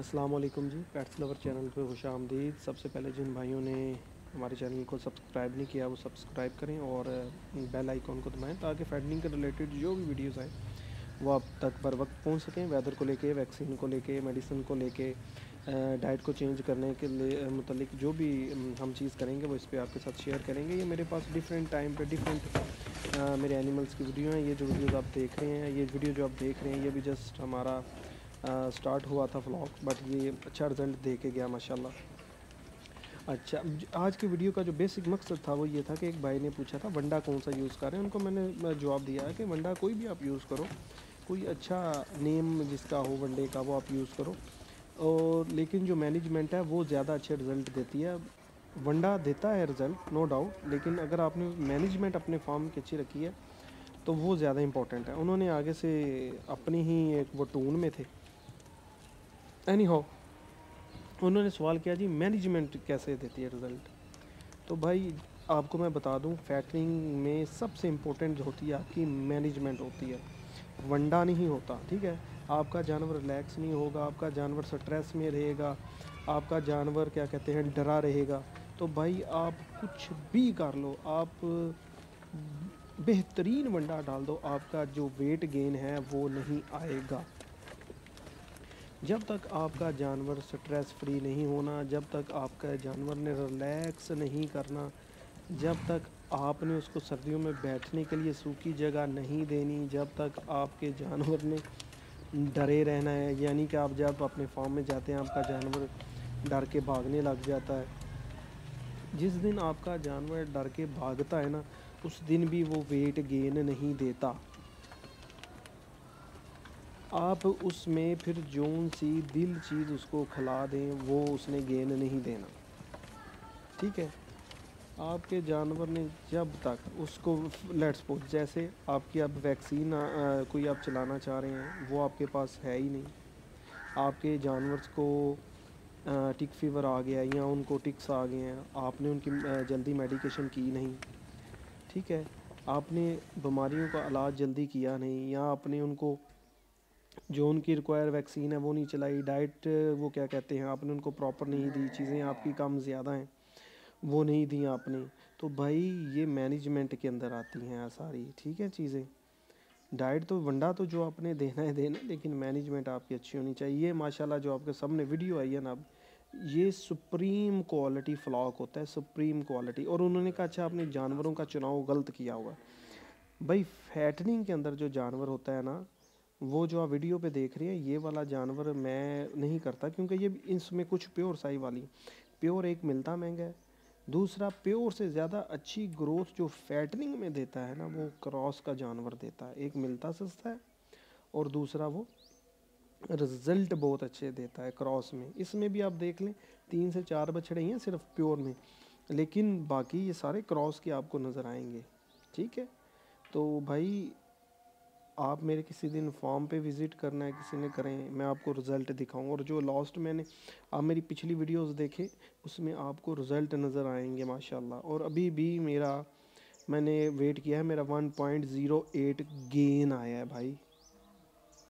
अस्सलाम वालेकुम जी पेट्स लवर चैनल पर खुश आमदीद सबसे पहले जिन भाइयों ने हमारे चैनल को सब्सक्राइब नहीं किया वो सब्सक्राइब करें और बेल आइकॉन को दबाएं ताकि फैडनिंग के रिलेटेड जो भी वीडियोस आए वो आप तक बर वक्त पहुँच सकें वेदर को लेके वैक्सीन को लेके मेडिसिन को लेके डाइट को चेंज करने के लिए मतलब जो भी हम चीज़ करेंगे वो इस पर आपके साथ शेयर करेंगे ये मेरे पास डिफरेंट टाइम पर डिफरेंट मेरे एनिमल्स की वीडियो हैं ये जो वीडियोज़ आप देख रहे हैं ये वीडियो जो आप देख रहे हैं ये भी जस्ट हमारा स्टार्ट हुआ था व्लॉग बट ये अच्छा रिज़ल्ट दे के गया माशाल्लाह अच्छा आज के वीडियो का जो बेसिक मकसद था वो ये था कि एक भाई ने पूछा था वंडा कौन सा यूज़ करें उनको मैंने जवाब दिया है कि वंडा कोई भी आप यूज़ करो कोई अच्छा नेम जिसका हो वनडे का वो आप यूज़ करो और लेकिन जो मैनेजमेंट है वो ज़्यादा अच्छे रिज़ल्ट देती है वंडा देता है रिज़ल्ट नो डाउट लेकिन अगर आपने मैनेजमेंट अपने फार्म की अच्छी रखी है तो वो ज़्यादा इंपॉर्टेंट है उन्होंने आगे से अपनी ही एक वो टून में थे एनी हो उन्होंने सवाल किया जी मैनेजमेंट कैसे देती है रिज़ल्ट तो भाई आपको मैं बता दूं फैक्टरिंग में सबसे इम्पोर्टेंट होती है आपकी मैनेजमेंट होती है वंडा नहीं होता ठीक है आपका जानवर रिलैक्स नहीं होगा आपका जानवर स्ट्रेस में रहेगा आपका जानवर क्या कहते हैं डरा रहेगा तो भाई आप कुछ भी कर लो आप बेहतरीन वंडा डाल दो आपका जो वेट गेन है वो नहीं आएगा जब तक आपका जानवर स्ट्रेस फ्री नहीं होना जब तक आपका जानवर ने रिलैक्स नहीं करना जब तक आपने उसको सर्दियों में बैठने के लिए सूखी जगह नहीं देनी जब तक आपके जानवर ने डरे रहना है यानी कि आप जब अपने फार्म में जाते हैं आपका जानवर डर के भागने लग जाता है जिस दिन आपका जानवर डर के भागता है ना उस दिन भी वो वेट गेन नहीं देता आप उसमें फिर जोन सी दिल चीज़ उसको खिला दें वो उसने गेन नहीं देना ठीक है आपके जानवर ने जब तक उसको लेट्स सपोज जैसे आपकी अब वैक्सीन आ, कोई आप चलाना चाह रहे हैं वो आपके पास है ही नहीं आपके जानवर को आ, टिक फीवर आ गया या उनको टिक्स आ गए हैं आपने उनकी जल्दी मेडिकेशन की नहीं ठीक है आपने बीमारियों का इलाज जल्दी किया नहीं या आपने उनको जो उनकी रिक्वायर वैक्सीन है वो नहीं चलाई डाइट वो क्या कहते हैं आपने उनको प्रॉपर नहीं दी चीज़ें आपकी कम ज़्यादा हैं वो नहीं दी आपने तो भाई ये मैनेजमेंट के अंदर आती हैं सारी ठीक है चीज़ें डाइट तो वंडा तो जो आपने देना है देना लेकिन मैनेजमेंट आपकी अच्छी होनी चाहिए ये माशाला जो आपके सामने वीडियो आई है ना ये सुप्रीम क्वालिटी फ्लॉक होता है सुप्रीम क्वालिटी और उन्होंने कहा अच्छा आपने जानवरों का चुनाव गलत किया हुआ भाई फैटनिंग के अंदर जो जानवर होता है ना वो जो आप वीडियो पे देख रहे हैं ये वाला जानवर मैं नहीं करता क्योंकि ये इसमें कुछ प्योर साई वाली प्योर एक मिलता महंगा है दूसरा प्योर से ज़्यादा अच्छी ग्रोथ जो फैटनिंग में देता है ना वो क्रॉस का जानवर देता है एक मिलता सस्ता है और दूसरा वो रिजल्ट बहुत अच्छे देता है क्रॉस में इसमें भी आप देख लें तीन से चार बछड़े हैं सिर्फ प्योर में लेकिन बाकी ये सारे क्रॉस के आपको नज़र आएंगे ठीक है तो भाई आप मेरे किसी दिन फॉर्म पे विज़िट करना है किसी ने करें मैं आपको रिज़ल्ट दिखाऊँ और जो लास्ट मैंने आप मेरी पिछली वीडियोस देखे उसमें आपको रिज़ल्ट नज़र आएंगे माशाल्लाह और अभी भी मेरा मैंने वेट किया है मेरा 1.08 गेन आया है भाई